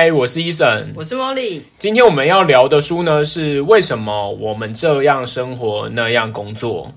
嗨，我是伊森，我是莫莉。今天我們要聊的書呢，是為什麼我們這樣生活，那樣工作。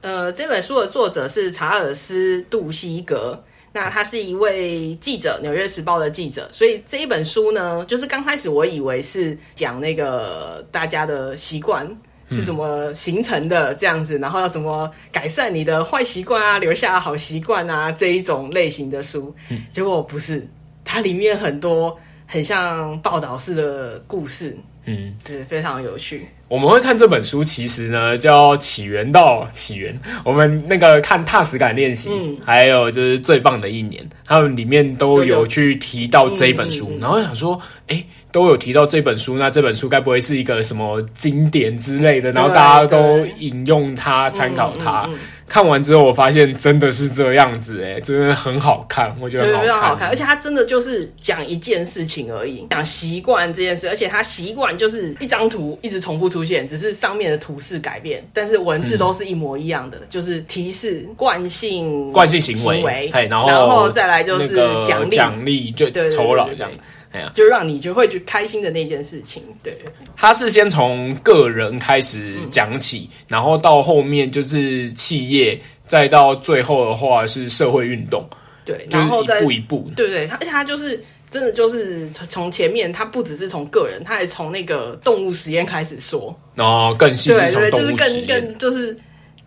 呃，這本書的作者是查爾斯·杜希格，那他是一位記者，《紐約時報》的記者。所以這一本書呢，就是剛開始我以為是講那個大家的習慣、嗯、是怎麼形成的這樣子，然後要怎麼改善你的壞習慣啊，留下好習慣啊這一種類型的書、嗯。結果不是，它裡面很多。很像報道式的故事，嗯，對，非常有趣。我們會看這本書，其實呢叫《就要起源到起源》，我們那個看踏實感練習、嗯，還有就是最棒的一年，他們裡面都有去提到這一本書。然後想說，哎、欸，都有提到這本書，那這本書該不會是一個什麼經典之類的？然後大家都引用它，參考它。嗯嗯嗯嗯。看完之後，我發現真的是這樣子哎、欸，真的很好看，我覺得非常好，好看。而且它真的就是講一件事情而已，講習慣這件事。而且它習慣就是一張圖一直重複出現，只是上面的圖示改變，但是文字都是一模一樣的，嗯、就是提示慣性、慣性行為，行為然後然後再來就是獎勵、那個獎勵，就對、酬勞這樣。哎呀， 就讓你就會去開心的那件事情，對。他是先從個人開始講起，嗯，然後到後面就是企業，再到最後的話是社會運動，對，然後就是一步一步，對，對對。他他就是真的就是從從前面，他不只是從個人，他還從那個動物實驗開始說，哦，然後更細緻從動物實驗。對對，就是更更，就是。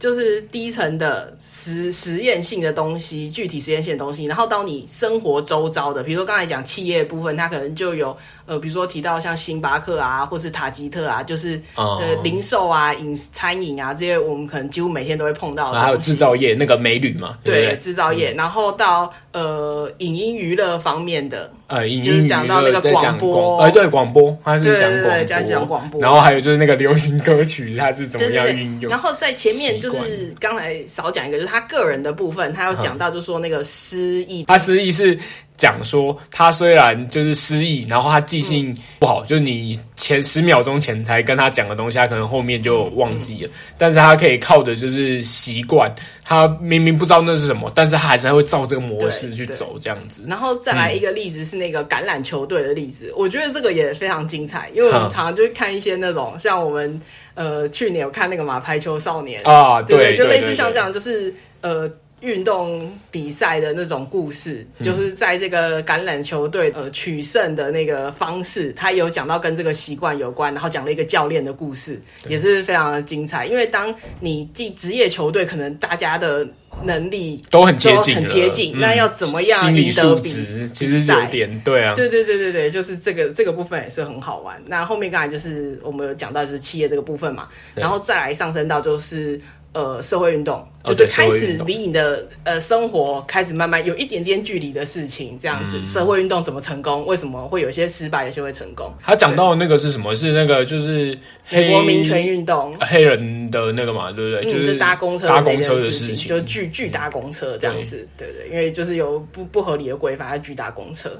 就是低層的實實驗性的東西，具體實驗性的東西。然後到你生活周遭的，比如說剛才講企業部分，它可能就有呃，比如說提到像星巴克啊，或是塔吉特啊，就是、oh. 呃零售啊、飲餐飲啊這些，我們可能幾乎每天都會碰到的。還有製造業那個美鋁嘛，對，對。製造業、嗯，然後到。呃，影音娛樂方面的，呃，影音娛樂，就是講到那個廣播，呃對，廣播，它是講廣播，播，然後還有就是那個流行歌曲， 它是怎麼樣運用。對對對。然後在前面就是剛才少講一個，就是他個人的部分，他有講到，就是說那個失意，他、嗯、失意是。講說他雖然就是失憶，然後他記性不好，嗯、就是你前十秒鐘前才跟他講的東西，他可能後面就忘記了。嗯嗯、但是他可以靠的就是習慣，他明明不知道那是什麼，但是他還是會照這個模式去走這樣子。然後再來一個例子是那個橄欖球隊的例子、嗯，我覺得這個也非常精彩，因為我們常常就看一些那種、嗯、像我們呃去年有看那個嘛排球少年啊，對對，對，就類似像這樣，就是對對對呃。運動比賽的那種故事、嗯，就是在這個橄欖球隊呃取勝的那個方式，他有講到跟這個習慣有關，然後講了一個教練的故事，也是非常的精彩。因為當你進職業球隊，可能大家的能力都很接近,很接近、嗯，那要怎麼樣贏得比賽、心理素質其實有點對啊，對對對對對，就是這個這個部分也是很好玩。那後面剛才就是我們有講到就是企業這個部分嘛，然後再來上升到就是。呃，社會運動、哦、就是開始離你的呃生活開始慢慢有一點點距離的事情，這樣子。嗯、社會運動怎麼成功？為什麼會有些失敗，有些會成功？他講到那個是什麼？是那個就是美國民權運動，黑人的那個嘛，對不對？嗯、就是搭公車，搭公車的事情，就是、拒拒搭公車這樣子，嗯、對對、對不對，因為就是有不不合理的規範，拒搭公車。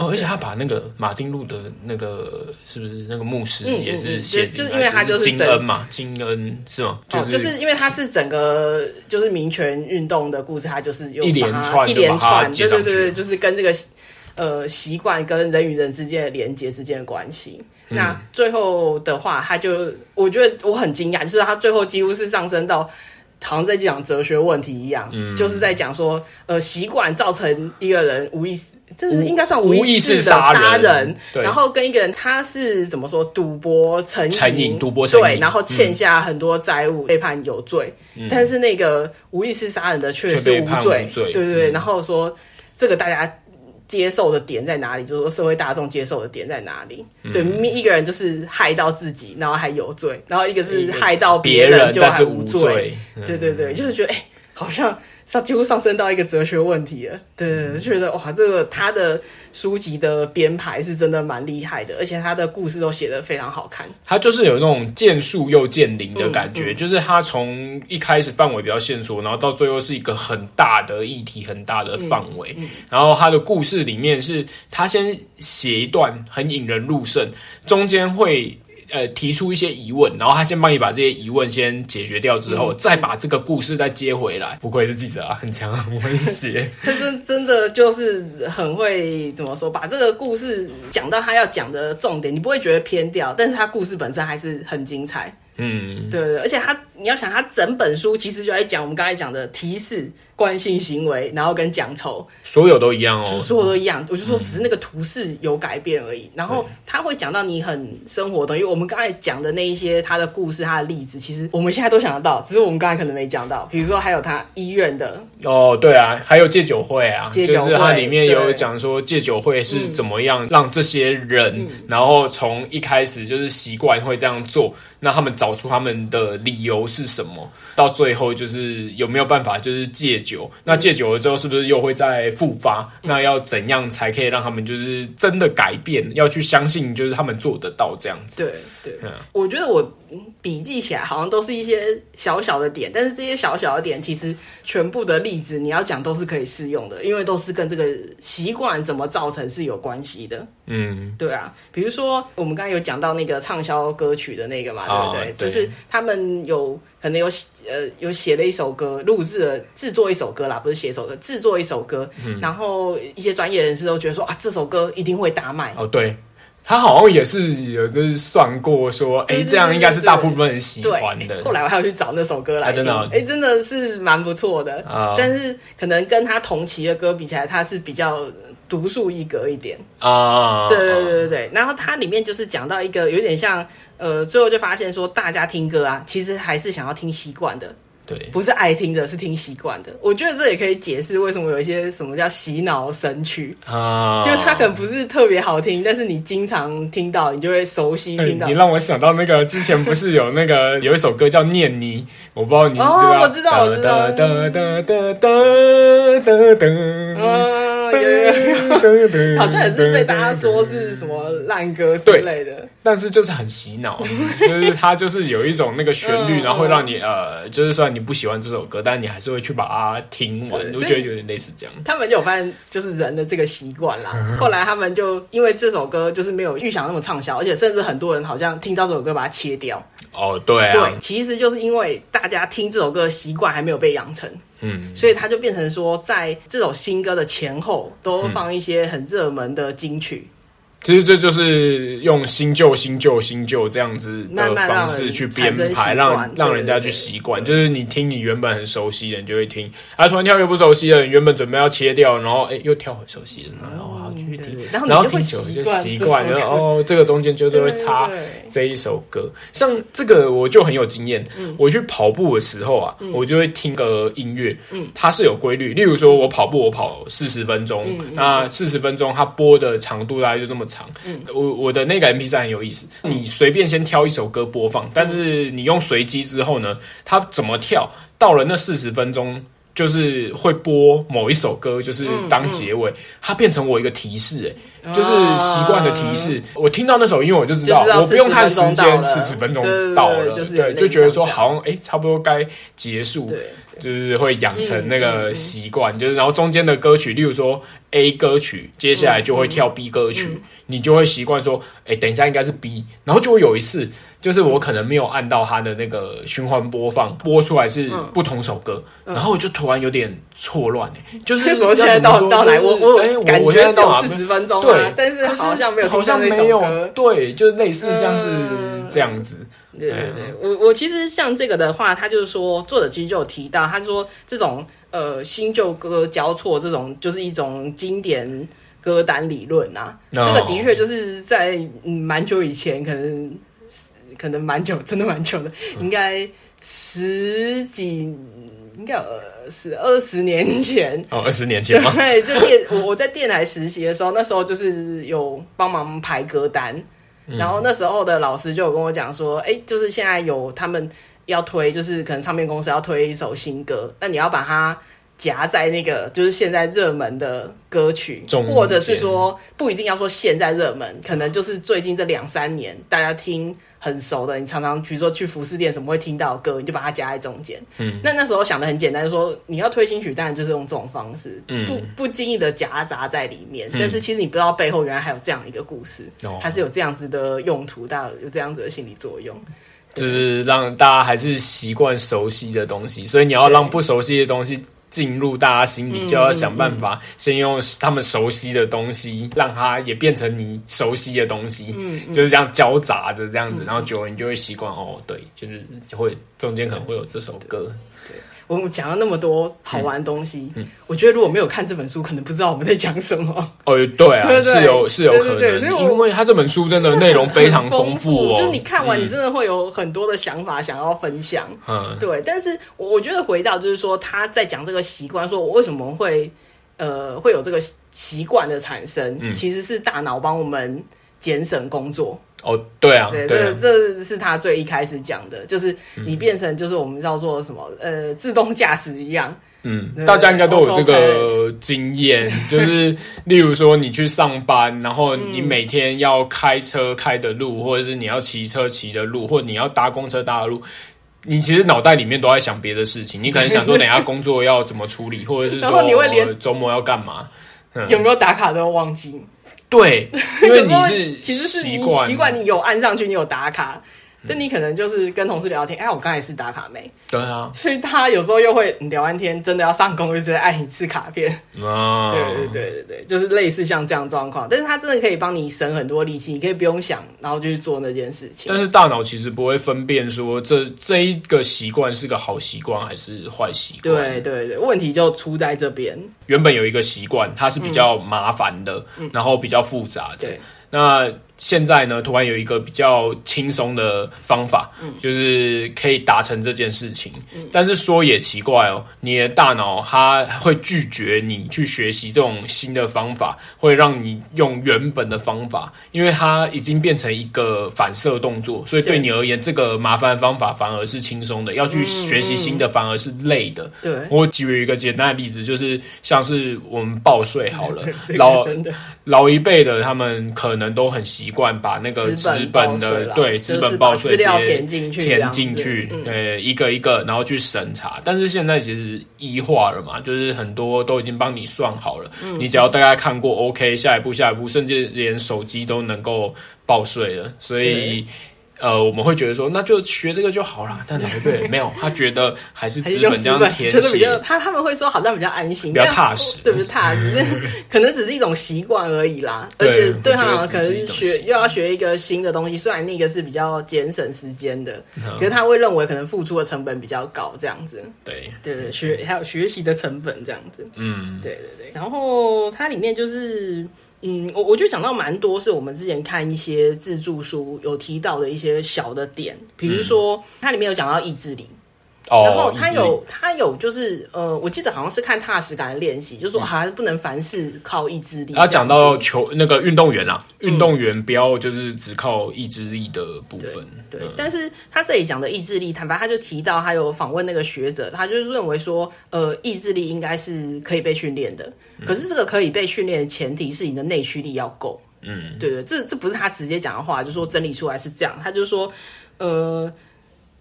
哦，而且他把那個馬丁路德那個是不是那個牧師也是寫進來，嗯嗯嗯，就，就是因為他就是金恩嘛，金恩、嗯、是嗎？就是、哦，就是因為他是整個就是民權運動的故事，他就是有一連串一連串，對對對，就是跟這個呃習慣跟人與人之間的連接之間的關係。嗯。那最後的話，他就我覺得我很驚訝，就是他最後幾乎是上升到。常在講哲學問題一樣，嗯、就是在講說，呃，習慣造成一個人無意識，這是應該算無意識的殺人，人。然後跟一個人他是怎麼說，賭博成癮，賭博成癮，對，然後欠下很多債務、嗯，被判有罪、嗯，但是那個無意識殺人的卻是無罪，無罪，對對對。嗯、然後說這個大家。接受的點在哪裡？就是說，社會大眾接受的點在哪裡。嗯？對，一個人就是害到自己，然後還有罪；然後一個是害到別人就，人但是無罪。對對對，就是覺得，哎、欸，好像。上幾乎上升到一個哲學問題了。對，嗯、覺得哇，這個他的書籍的編排是真的蠻厲害的，而且他的故事都寫得非常好看。他就是有那種見樹又見林的感覺，嗯嗯、就是他從一開始範圍比較線索，然後到最後是一個很大的議題，很大的範圍、嗯嗯。然後他的故事裡面是，他先寫一段很引人入勝，中間會。呃，提出一些疑問，然後他先幫你把這些疑問先解決掉，之後、嗯、再把這個故事再接回來。不愧是記者啊，很強、啊，很溫他真真的就是很會怎麼說，把這個故事講到他要講的重點，你不會覺得偏掉，但是他故事本身還是很精彩。嗯，對，對對，而且他，你要想，他整本書其實就在講我們剛才講的提示慣性行為，然後跟講酬，所有都一樣哦，所有都一樣、嗯，我就說只是那個圖示有改變而已、嗯。然後他會講到你很生活的，因為我們剛才講的那一些他的故事、他的例子，其實我們現在都想得到，只是我們剛才可能沒講到，比如說還有他醫院的哦，對啊，還有戒酒會啊，戒酒會就是他裡面有講說戒酒會是怎麼樣、嗯、讓這些人、嗯，然後從一開始就是習慣會這樣做，那他們早。找出他們的理由是什麼？到最後就是有沒有辦法就是戒酒？嗯、那戒酒了之後是不是又會再復發、嗯？那要怎樣才可以讓他們就是真的改變？要去相信就是他們做得到這樣子？對對、嗯，我覺得我、嗯、筆記起來好像都是一些小小的點，但是這些小小的點其實全部的例子你要講都是可以適用的，因為都是跟這個習慣怎麼造成是有關係的。嗯，對啊，比如說我們剛才有講到那個暢銷歌曲的那個嘛，哦、對不對？就是他們有可能有呃有寫了一首歌，錄製了，制作一首歌啦，不是寫一首歌，制作一首歌。嗯、然後一些專業人士都覺得說啊，這首歌一定會大賣哦，對他好像也是有就是算過說，哎，這樣應該是大部分人喜歡的。後來我還要去找那首歌來聽，啊，真的、啊。哎，真的是蠻不錯的，哦。但是可能跟他同期的歌比起來，他是比較。獨樹一格一點啊，對、嗯啊、對對對對，然後它裡面就是講到一個有點像，呃，最後就發現說，大家聽歌啊，其實還是想要聽習慣的。對，不是愛聽的，是聽習慣的。我覺得這也可以解釋為什麼有一些什麼叫洗腦神曲啊，oh. 就是它可能不是特別好聽，但是你經常聽到，你就會熟悉。聽到、嗯、你讓我想到那個之前不是有那個 有一首歌叫《念你》，我不知道你哦、oh,，我知道，我知道，噠好像也是被大家說是什麼爛歌之類的，但是就是很洗腦，就是它就是有一種那個旋律，然後讓你呃，就是說你。不喜歡這首歌，但你還是會去把它聽完，我覺得有點類似這樣。他們就有發現，就是人的這個習慣啦。 後來他們就因為這首歌就是沒有預想那麼暢銷，而且甚至很多人好像聽到這首歌把它切掉。哦，對啊，對，其實就是因為大家聽這首歌的習慣還沒有被養成，嗯，所以他就變成說，在這首新歌的前後都放一些很熱門的金曲。嗯其實這就是用新舊、新舊、新舊這樣子的方式去編排，讓讓人家去習慣。就是你聽你原本很熟悉的，你就會聽，啊，突然跳又不熟悉的，你原本準備要切掉，然後哎、欸，又跳很熟悉的，然後繼續聽、嗯對對對然，然後聽久了就習慣，然後哦，這個中間就是會插這一首歌。像這個我就很有經驗，我去跑步的時候啊，嗯、我就會聽個音樂、嗯，它是有規律。例如說，我跑步我跑四十分鐘、嗯，那四十分鐘它播的長度大概就這麼長。長、嗯，我我的那個 MP3 很有意思，嗯、你隨便先挑一首歌播放，但是你用隨機之後呢，它怎麼跳到了那四十分鐘，就是會播某一首歌，就是當結尾，嗯嗯、它變成我一個提示、欸，就是習慣的提示，uh, 我聽到那首音樂我就知道，就知道，我不用看時間四十分鐘到了，對對對，到了、就是，對，就覺得說好像哎、欸、差不多該結束，對對對，就是會養成那個習慣、嗯，就是然後中間的歌曲，例如說 A 歌曲，嗯、接下來就會跳 B 歌曲，嗯嗯、你就會習慣說哎、欸、等一下應該是 B，然後就會有一次就是我可能沒有按到它的那個循環播放、嗯，播出來是不同首歌，嗯、然後我就突然有點錯亂、欸、就是那時候、嗯就是、現在到到來、就是、我我、欸、我感覺有40我到四十分鐘。對，但是好像沒有，好像沒有。對，就是類似像是這樣子。對對對，嗯、我我其實像這個的話，他就是說，作者其實就有提到，他說這種呃新舊歌交錯這種，就是一種經典歌單理論啊。Oh. 這個的確就是在嗯、蠻久以前，可能可能蠻久，真的蠻久的，嗯、應該十幾。應該有二十二十年前哦，二十年前嗎？對，就電我我在電台實習的時候， 那時候就是有幫忙排歌單、嗯，然後那時候的老師就有跟我講說，哎、欸，就是現在有他們要推，就是可能唱片公司要推一首新歌，那你要把它。夾在那個就是現在熱門的歌曲中或者是說不一定要說現在熱門，可能就是最近這兩三年大家聽很熟的，你常常比如說去服飾店什麼會聽到的歌，你就把它夾在中間。嗯，那那時候想的很簡單說，說你要推新曲，當然就是用這種方式，嗯、不不經意的夾雜在裡面、嗯。但是其實你不知道背後原來還有這樣一個故事，哦、還是有這樣子的用途，大家有這樣子的心理作用，就是讓大家還是習慣熟悉的東西，所以你要讓不熟悉的東西。進入大家心裡就要想辦法，先用他們熟悉的東西，讓他也變成你熟悉的東西。嗯嗯嗯、就是這樣交雜着這樣子，嗯嗯、然後久了你就會習慣哦，對，就是就會中間可能會有這首歌。我們講了那麼多好玩的東西、嗯嗯，我覺得如果沒有看這本書，可能不知道我們在講什麼。哦、嗯，對啊，是有是有可能，因為他這本書真的內容非常豐富，是很、很豐富、哦、就是你看完你真的會有很多的想法想要分享。嗯、對，但是我我覺得回到就是說他在講這個習慣，說我為什麼會呃會有這個習慣的產生、嗯，其實是大腦幫我們節省工作。哦、oh,，對啊，對，對、啊、這，是這是他最一開始講的，就是你變成就是我們叫做什麼、嗯、呃自動駕駛一樣，嗯對對，大家應該都有這個經驗，就是例如說你去上班， 然後你每天要開車開的路、嗯，或者是你要騎車騎的路，或者你要搭公車搭的路，你其實腦袋裡面都在想別的事情， 你可能想說等下工作要怎麼處理， 或者是說你會連我周末要幹嘛、嗯，有沒有打卡都要忘記。對，因為你是習慣，其實是習 慣你，你有按上去，你有打卡。那你可能就是跟同事聊天，哎，我剛才是打卡沒？對、嗯、啊，所以他有時候又會你聊完天，真的要上工就直接按一次卡片。啊，對對對對，就是類似像這樣狀況。但是他真的可以幫你省很多力氣，你可以不用想，然後就去做那件事情。但是大腦其實不會分辨說，這這一個習慣是個好習慣還是壞習慣。對對對，問題就出在這邊。原本有一個習慣，它是比較麻煩的、嗯，然後比較複雜的。嗯、對那現在呢，突然有一個比較輕鬆的方法、嗯，就是可以達成這件事情、嗯。但是說也奇怪哦，你的大腦它會拒絕你去學習這種新的方法，會讓你用原本的方法，因為它已經變成一個反射動作，所以對你而言，這個麻煩的方法反而是輕鬆的，要去學習新的反而是累的。對、嗯、我舉一個簡單的例子，就是像是我們報稅好了， 老老一輩的他們可能都很習。習慣把那個資本的對資本報稅、就是、填進去，去，填進去，對一個一個，然後去審查。但是現在其實一化了嘛，就是很多都已經幫你算好了、嗯，你只要大概看過 OK，下一步下一步，甚至連手機都能夠報稅了，所以。呃，我們會覺得說，那就學這個就好了。但長對沒有， 他覺得還是基本，是本這樣填寫，就是。他他們會說，好像比較安心，比較踏實，對，不對，不對踏實。可能只是一種習慣而已啦。而且對他，他可能學又要學一個新的東西，雖然那個是比較節省時間的，嗯，可是他會認為可能付出的成本比較高，這樣子。對對對，學還有學習的成本這樣子。嗯，對對對。然後它裡面就是。嗯，我我覺得講到蠻多是我們之前看一些自助書有提到的一些小的點，比如說，嗯，它裡面有講到意志力。哦、然後他有他有就是呃，我記得好像是看踏實感的練習，就是說，還不能凡事靠意志力。他、嗯、講到球那個運動員啊，運動員不要就是只靠意志力的部分。對，對、嗯，但是他這裡講的意志力，坦白他就提到，他有訪問那個學者，他就認為說，呃，意志力應該是可以被訓練的。可是這個可以被訓練的前提是你的內驅力要夠。嗯，對對，這這不是他直接講的話，就是說整理出來是這樣。他就說，呃。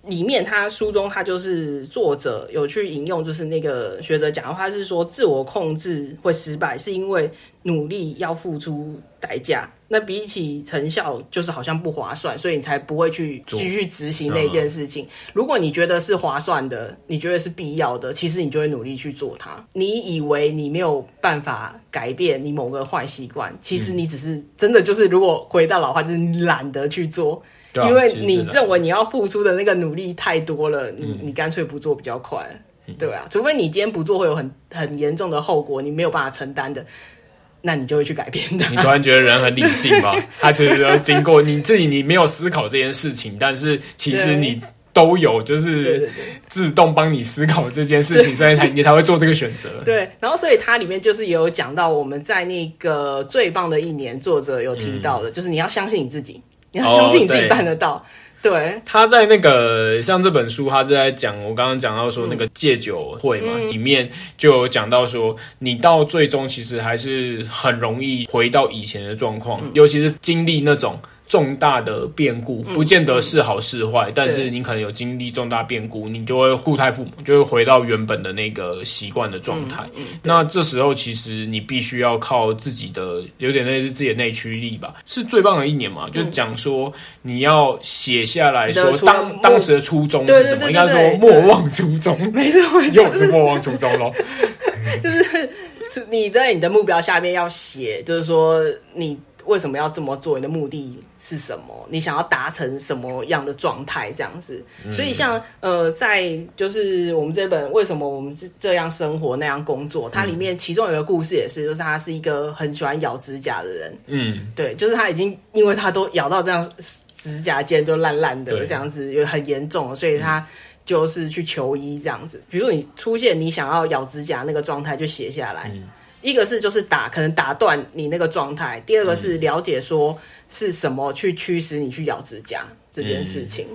裡面他書中他就是作者有去引用，就是那個學者講的話是說，自我控制會失敗，是因為努力要付出代價。那比起成效，就是好像不划算，所以你才不會去繼續執行那件事情。如果你覺得是划算的，你覺得是必要的，其實你就會努力去做它。你以為你沒有辦法改變你某個壞習慣，其實你只是真的就是，如果回到老話，就是懶得去做。對啊，因為你認為你要付出的那個努力太多了，嗯、你你乾脆不做比較快，嗯，對啊，除非你今天不做會有很很嚴重的後果，你沒有辦法承擔的，那你就會去改變的。你突然覺得人很理性嘛？ 他其實經過你自己，你沒有思考這件事情，但是其實你都有就是自動幫你思考這件事情，所以才你才會做這個選擇。 對，然後所以它裡面就是也有講到我們在那個最棒的一年，作者有提到的，嗯、就是你要相信你自己。你要相信你自己辦得到。Oh, 對，對，他在那個像這本書，他就在講，我剛剛講到說、嗯、那個戒酒會嘛，裡面就有講到說、嗯，你到最終其實還是很容易回到以前的狀況，嗯、尤其是經歷那種。重大的變故不見得是好是壞、嗯嗯，但是你可能有經歷重大變故，你就會故態復萌，就會回到原本的那個習慣的狀態、嗯嗯。那這時候其實你必須要靠自己的，有點類似自己的內驅力吧，是最棒的一年嘛。嗯、就講說你要寫下來說當，當當時的初衷是什麼？對對對對對，應該說莫忘初衷，沒錯，又是莫忘初衷嘍。 就是你在你的目標下面要寫，就是說你。為什麼要這麼做？你的目的是什麼？你想要達成什麼樣的狀態？這樣子，嗯、所以像呃，在就是我們這本《為什麼我們這這樣生活那樣工作》，嗯、它裡面其中有一個故事也是，就是他是一個很喜歡咬指甲的人。嗯，對，就是他已經因為他都咬到這樣指甲尖就爛爛的這樣子，有很嚴重，所以他就是去求醫這樣子。嗯、比如說你出現你想要咬指甲那個狀態，就寫下來。嗯一個是就是打可能打斷你那個狀態，第二個是了解說、嗯、是什麼去驅使你去咬指甲這件事情。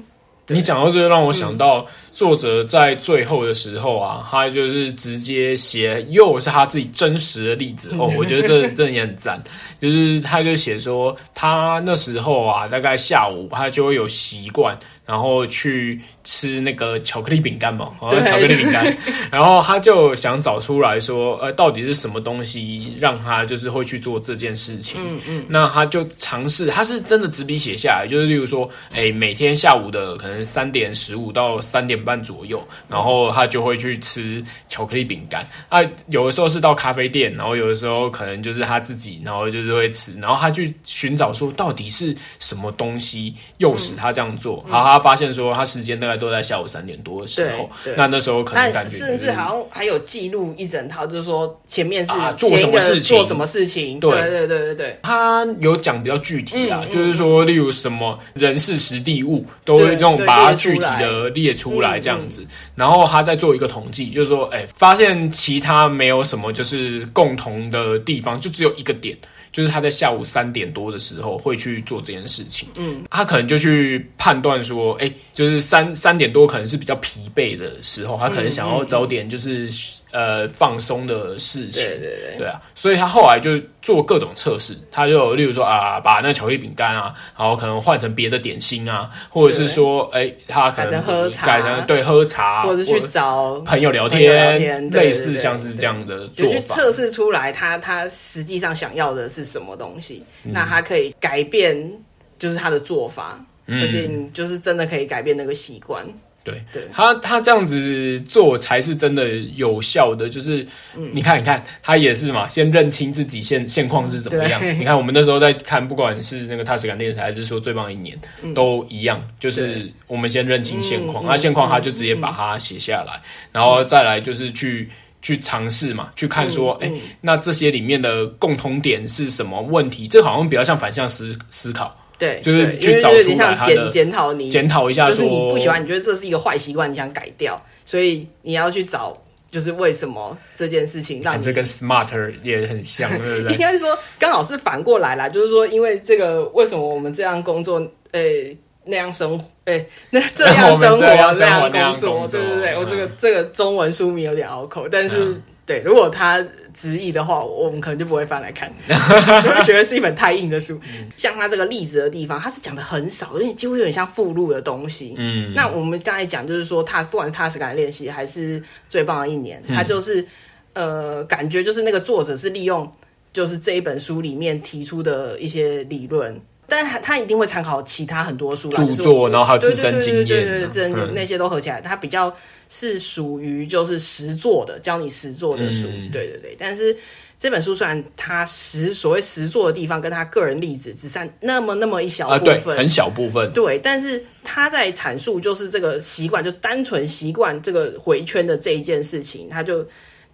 嗯、你講到這個，讓我想到、嗯、作者在最後的時候啊，他就是直接寫又是他自己真實的例子、嗯、哦，我覺得這這也 很讚，就是他就寫說他那時候啊，大概下午他就會有習慣，然後去。吃那個巧克力餅乾嘛，巧克力餅乾， 然後他就想找出來說，呃，到底是什麼東西讓他就是會去做這件事情？嗯嗯，那他就嘗試，他是真的執筆寫下來，就是例如說，哎、欸，每天下午的可能三點十五到三點半左右，然後他就會去吃巧克力餅乾啊。有的時候是到咖啡店，然後有的時候可能就是他自己，然後就是會吃，然後他去尋找說到底是什麼東西誘使他這樣做、嗯嗯。然後他發現說，他時間的。都在下午三點多的時候，那那時候可能感覺、就是、甚至好像還有記錄一整套，就是說前面是前做什麼事情、啊，做什麼事情，對對對對對，他有講比較具體啊、嗯嗯，就是說例如什麼人事時地物，都用把它具體的列出來，列出來這樣子，然後他再做一個統計、嗯嗯，就是說哎、欸，發現其他沒有什麼就是共同的地方，就只有一個點。就是他在下午三點多的時候會去做這件事情，嗯，他可能就去判斷說，哎，就是三三點多可能是比較疲憊的時候，他可能想要早點就是。呃，放鬆的事情，對對對，對啊，所以他後來就做各種測試，他就例如說啊，把那巧克力餅乾啊，然後可能換成別的點心啊，或者是說，哎，他可能喝茶改成對喝茶，或者是去找朋友聊天，友聊天對對對對，類似像是這樣的做法對對對對，就去測試出來他他實際上想要的是什麼東西，嗯，那他可以改變，就是他的做法，嗯，而且你就是真的可以改變那個習慣。對，對他，他這樣子做才是真的有效的。就是，你看，嗯，你看，他也是嘛，先認清自己現現況是怎麼樣。嗯，你看，我們那時候在看，不管是那個踏實感練習，還是說最棒一年，嗯、都一樣。就是我們先認清現況，那現況他就直接把它寫下來，嗯嗯，然後再來就是去，嗯、去嘗試嘛，去看說，誒，嗯嗯欸，那這些裡面的共同點是什麼問題？這好像比較像反向思思考。對，就是去找對因為有點像檢檢討你，檢討一下，就是你不喜歡，你覺得這是一個壞習慣，你想改掉，所以你要去找，就是為什麼這件事情讓你，看這跟 smarter 也很像， 對對應該是說剛好是反過來啦，就是說因為這個為什麼我們這樣工作，誒、欸、那樣生活，誒、欸、那這樣生活， 樣生活那，樣那樣工作，對對對，嗯、我這個這個中文書名有點拗口，但是、嗯、對，如果他。直譯的話我，我們可能就不會翻來看，就 會覺得是一本太硬的書。 嗯、像他這個例子的地方，他是講的很少，因為幾乎有點像附錄的東西。嗯，那我們剛才講，就是說，踏不管是踏實感練習，還是最棒的一年，他、嗯、就是呃，感覺就是那個作者是利用，就是這一本書裡面提出的一些理論。但他一定會參考其他很多書著作，然後還有自身經驗，對對對、嗯，那些都合起來，他比較是屬於就是實作的，教你實作的書、嗯。對對對，但是這本書雖然他實所謂實作的地方跟他個人例子只佔那麼那麼一小部分、啊對，很小部分，對。但是他在闡述就是這個習慣，就單純習慣這個迴圈的這一件事情，他就。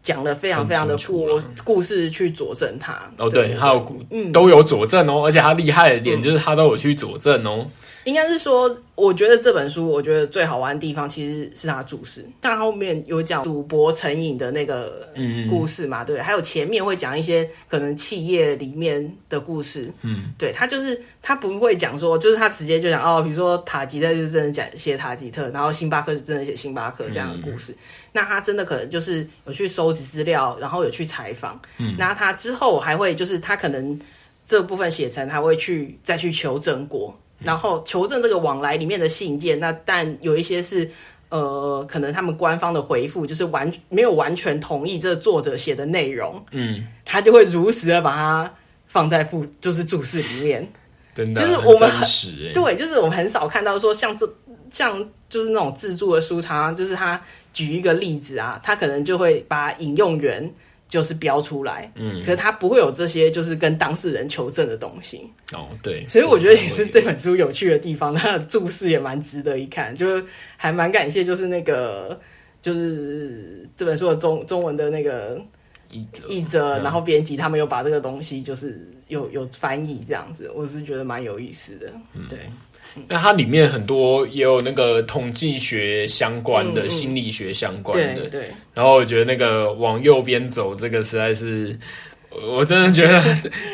講的非常非常的出故事去佐證他哦，對，對，還、哦、有古、嗯、都有佐證哦，而且他厲害的點、嗯、就是他都有去佐證哦。應該是說，我覺得這本書，我覺得最好玩的地方其實是他注釋。他後面有講賭博成癮的那個故事嘛、嗯，對，還有前面會講一些可能企業裡面的故事，嗯，對他就是他不會講說，就是他直接就講哦，比如說塔吉特就真的講寫塔吉特，然後星巴克是真的寫星巴克這樣的故事、嗯。那他真的可能就是有去收集資料，然後有去採訪、嗯，那他之後還會就是他可能這部分寫成，他會去再去求證過。然後求證這個往來裡面的信件，那但有一些是呃，可能他們官方的回復就是完沒有完全同意這作者寫的內容，嗯，他就會如實的把它放在附，就是注釋裡面，真、嗯、的就是我們很對，就是我們很少看到說像這像就是那種自助的書倉，常常就是他舉一個例子啊，他可能就會把引用源。就是標出來，嗯，可是他不會有這些，就是跟當事人求證的東西，哦，對，所以我覺得也是這本書有趣的地方，他、嗯、的註釋也蠻值得一看，就是還蠻感謝，就是那個就是這本書的中中文的那個譯者、譯者，然後編輯他們有把這個東西就是有有翻譯這樣子，我是覺得蠻有意思的，嗯，對。那、嗯、它裡面很多也有那個統計學相關的、嗯嗯、心理學相關的。對對。然後我覺得那個往右邊走，這個實在是，我真的覺得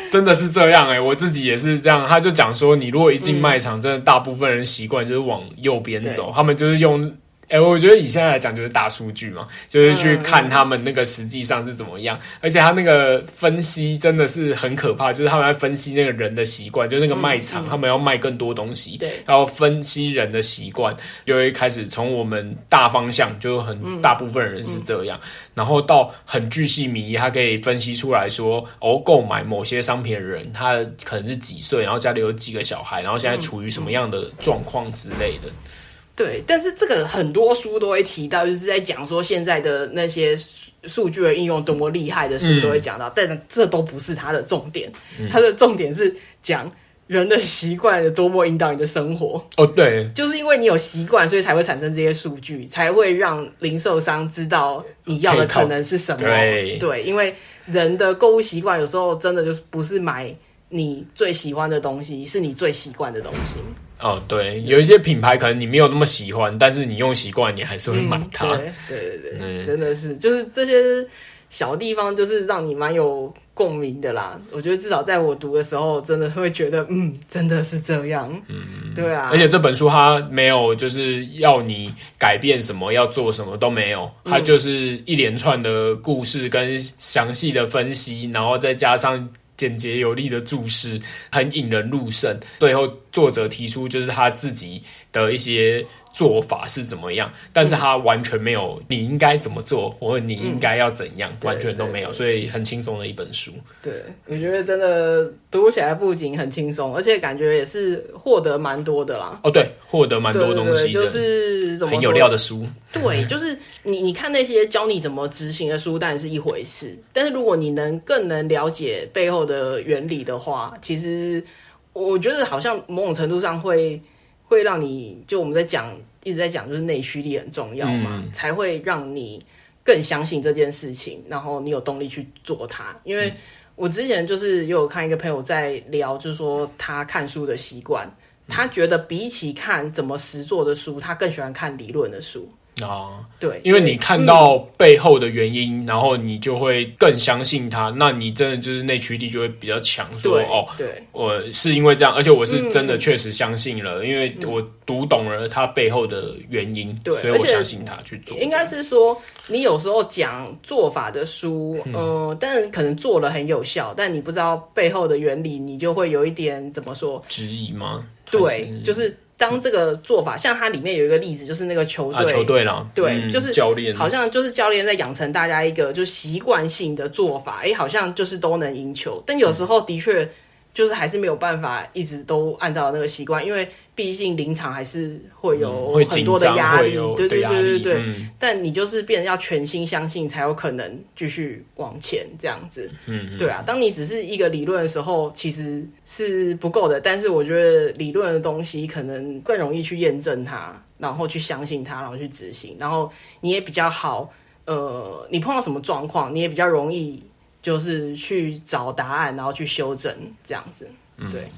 真的是這樣哎、欸， 我自己也是這樣。他就講說，你如果一進賣場、嗯，真的大部分人習慣就是往右邊走，他們就是用。誒、欸，我覺得以現在來講，就是大數據嘛，就是去看他們那個實際上是怎麼樣、嗯嗯，而且他那個分析真的是很可怕，就是他們在分析那個人的習慣，就那個賣場、嗯嗯，他們要賣更多東西，對，然後分析人的習慣，就會開始從我們大方向，就很大部分人是這樣，嗯嗯、然後到很巨細靡遺，他可以分析出來說，哦，購買某些商品的人，他可能是幾歲，然後家裡有幾個小孩，然後現在處於什麼樣的狀況之類的。嗯嗯嗯對，但是這個很多書都會提到，就是在講說現在的那些數數據的應用多麼厲害的事都會講到，嗯，但這都不是它的重點。它的重點是講人的習慣有多麼引導你的生活。哦，對，就是因為你有習慣，所以才會產生這些數據，才會讓零售商知道你要的可能是什麼。對，對，因為人的購物習慣有時候真的就是不是買你最喜歡的東西，是你最習慣的東西。哦，對，有一些品牌可能你沒有那麼喜歡，但是你用習慣，你還是會買它。嗯、對對對、對、嗯，真的是，就是這些小地方，就是讓你蠻有共鳴的啦。我覺得至少在我讀的時候，真的會覺得，嗯，真的是這樣。嗯，對啊。而且這本書它沒有，就是要你改變什麼，要做什麼都沒有，它就是一連串的故事跟詳細的分析，然後再加上。簡潔有力的註釋，很引人入勝。最後，作者提出就是他自己的一些。做法是怎麼樣，但是他完全沒有你應該怎麼做，嗯、或你應該要怎樣、嗯，完全都沒有，對對對對，所以很輕鬆的一本書。對，我覺得真的讀起來不僅很輕鬆，而且感覺也是獲得蠻多的啦。哦，對，獲得蠻多東西的對對對，就是很有料的書。對，就是你你看那些教你怎麼執行的書，當然是一回事， 但是如果你能更能了解背後的原理的話，其實我覺得好像某種程度上會。會讓你，就我們在講一直在講，就是內驅力很重要嘛、嗯，才會讓你更相信這件事情，然後你有動力去做它。因為我之前就是有看一個朋友在聊，就是說他看書的習慣、嗯，他覺得比起看怎麼實作的書，他更喜歡看理論的書。啊對，對，因為你看到背後的原因，嗯、然後你就會更相信他，嗯、那你真的就是內驅力就會比較強。說哦，對，我、呃、是因為這樣，而且我是真的確實相信了、嗯，因為我讀懂了他背後的原因，嗯、所以我相信他去做。應該是說，你有時候講做法的書，嗯，呃、但可能做了很有效，但你不知道背後的原理，你就會有一點怎麼說質疑嗎？對，是就是。當這個做法，像它裡面有一個例子，就是那個球隊、啊，球隊啦，對，嗯、就是教練，好像就是教練在養成大家一個就習慣性的做法，哎、欸，好像就是都能贏球，但有時候的確。嗯就是還是沒有辦法一直都按照那個習慣，因為畢竟臨場還是會有很多的壓力，嗯，對對對對對，對、嗯。但你就是變得要全心相信，才有可能繼續往前這樣子。嗯，對啊。當你只是一個理論的時候，其實是不夠的。但是我覺得理論的東西可能更容易去驗證它，然後去相信它，然後去執行，然後你也比較好。呃，你碰到什麼狀況，你也比較容易。就是去找答案，然後去修正這樣子，嗯。對，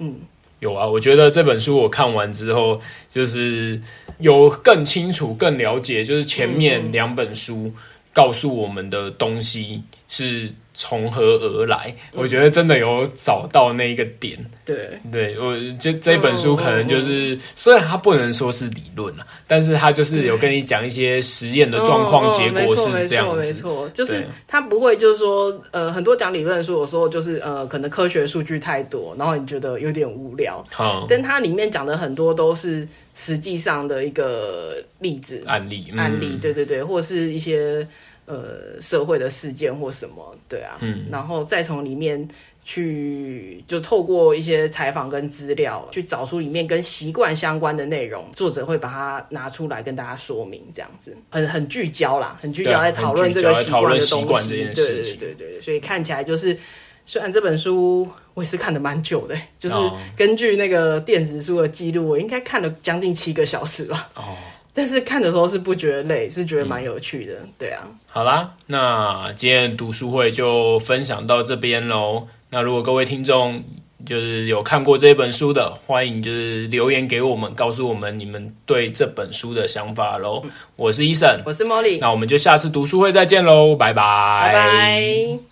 嗯，有啊。我覺得這本書我看完之後，就是有更清楚、更了解，就是前面兩本書告訴我們的東西是。從何而來、嗯？我覺得真的有找到那一個點。對，對我覺得這本書可能就是、哦哦，雖然它不能說是理論啊，但是它就是有跟你講一些實驗的狀況、哦、結果是這樣沒錯、哦，沒錯，就是它不會就是說，呃，很多講理論的書有時候，就是呃，可能科學數據太多，然後你覺得有點無聊。好、嗯，但它裡面講的很多都是實際上的一個例子、案例、案例，嗯、對對對，或者是一些。呃，社會的事件或什麼，對啊，嗯，然後再從裡面去就透過一些採訪跟資料，去找出裡面跟習慣相關的內容，作者會把它拿出來跟大家說明，這樣子很很聚焦啦，很聚焦在討論這個習慣的東西，對討討論習慣這件事情，對對對對，所以看起來就是，雖然這本書我也是看的蠻久的，就是根據那個電子書的記錄，我應該看了將近七個小時吧，哦。但是看的時候是不覺得累，是覺得蠻有趣的，嗯，對啊。好啦，那今天的讀書會就分享到這邊嘍。那如果各位聽眾就是有看過這本書的，歡迎就是留言給我們，告訴我們你們對這本書的想法嘍，嗯。我是伊森，我是茉莉，那我們就下次讀書會再見嘍，拜拜，拜拜。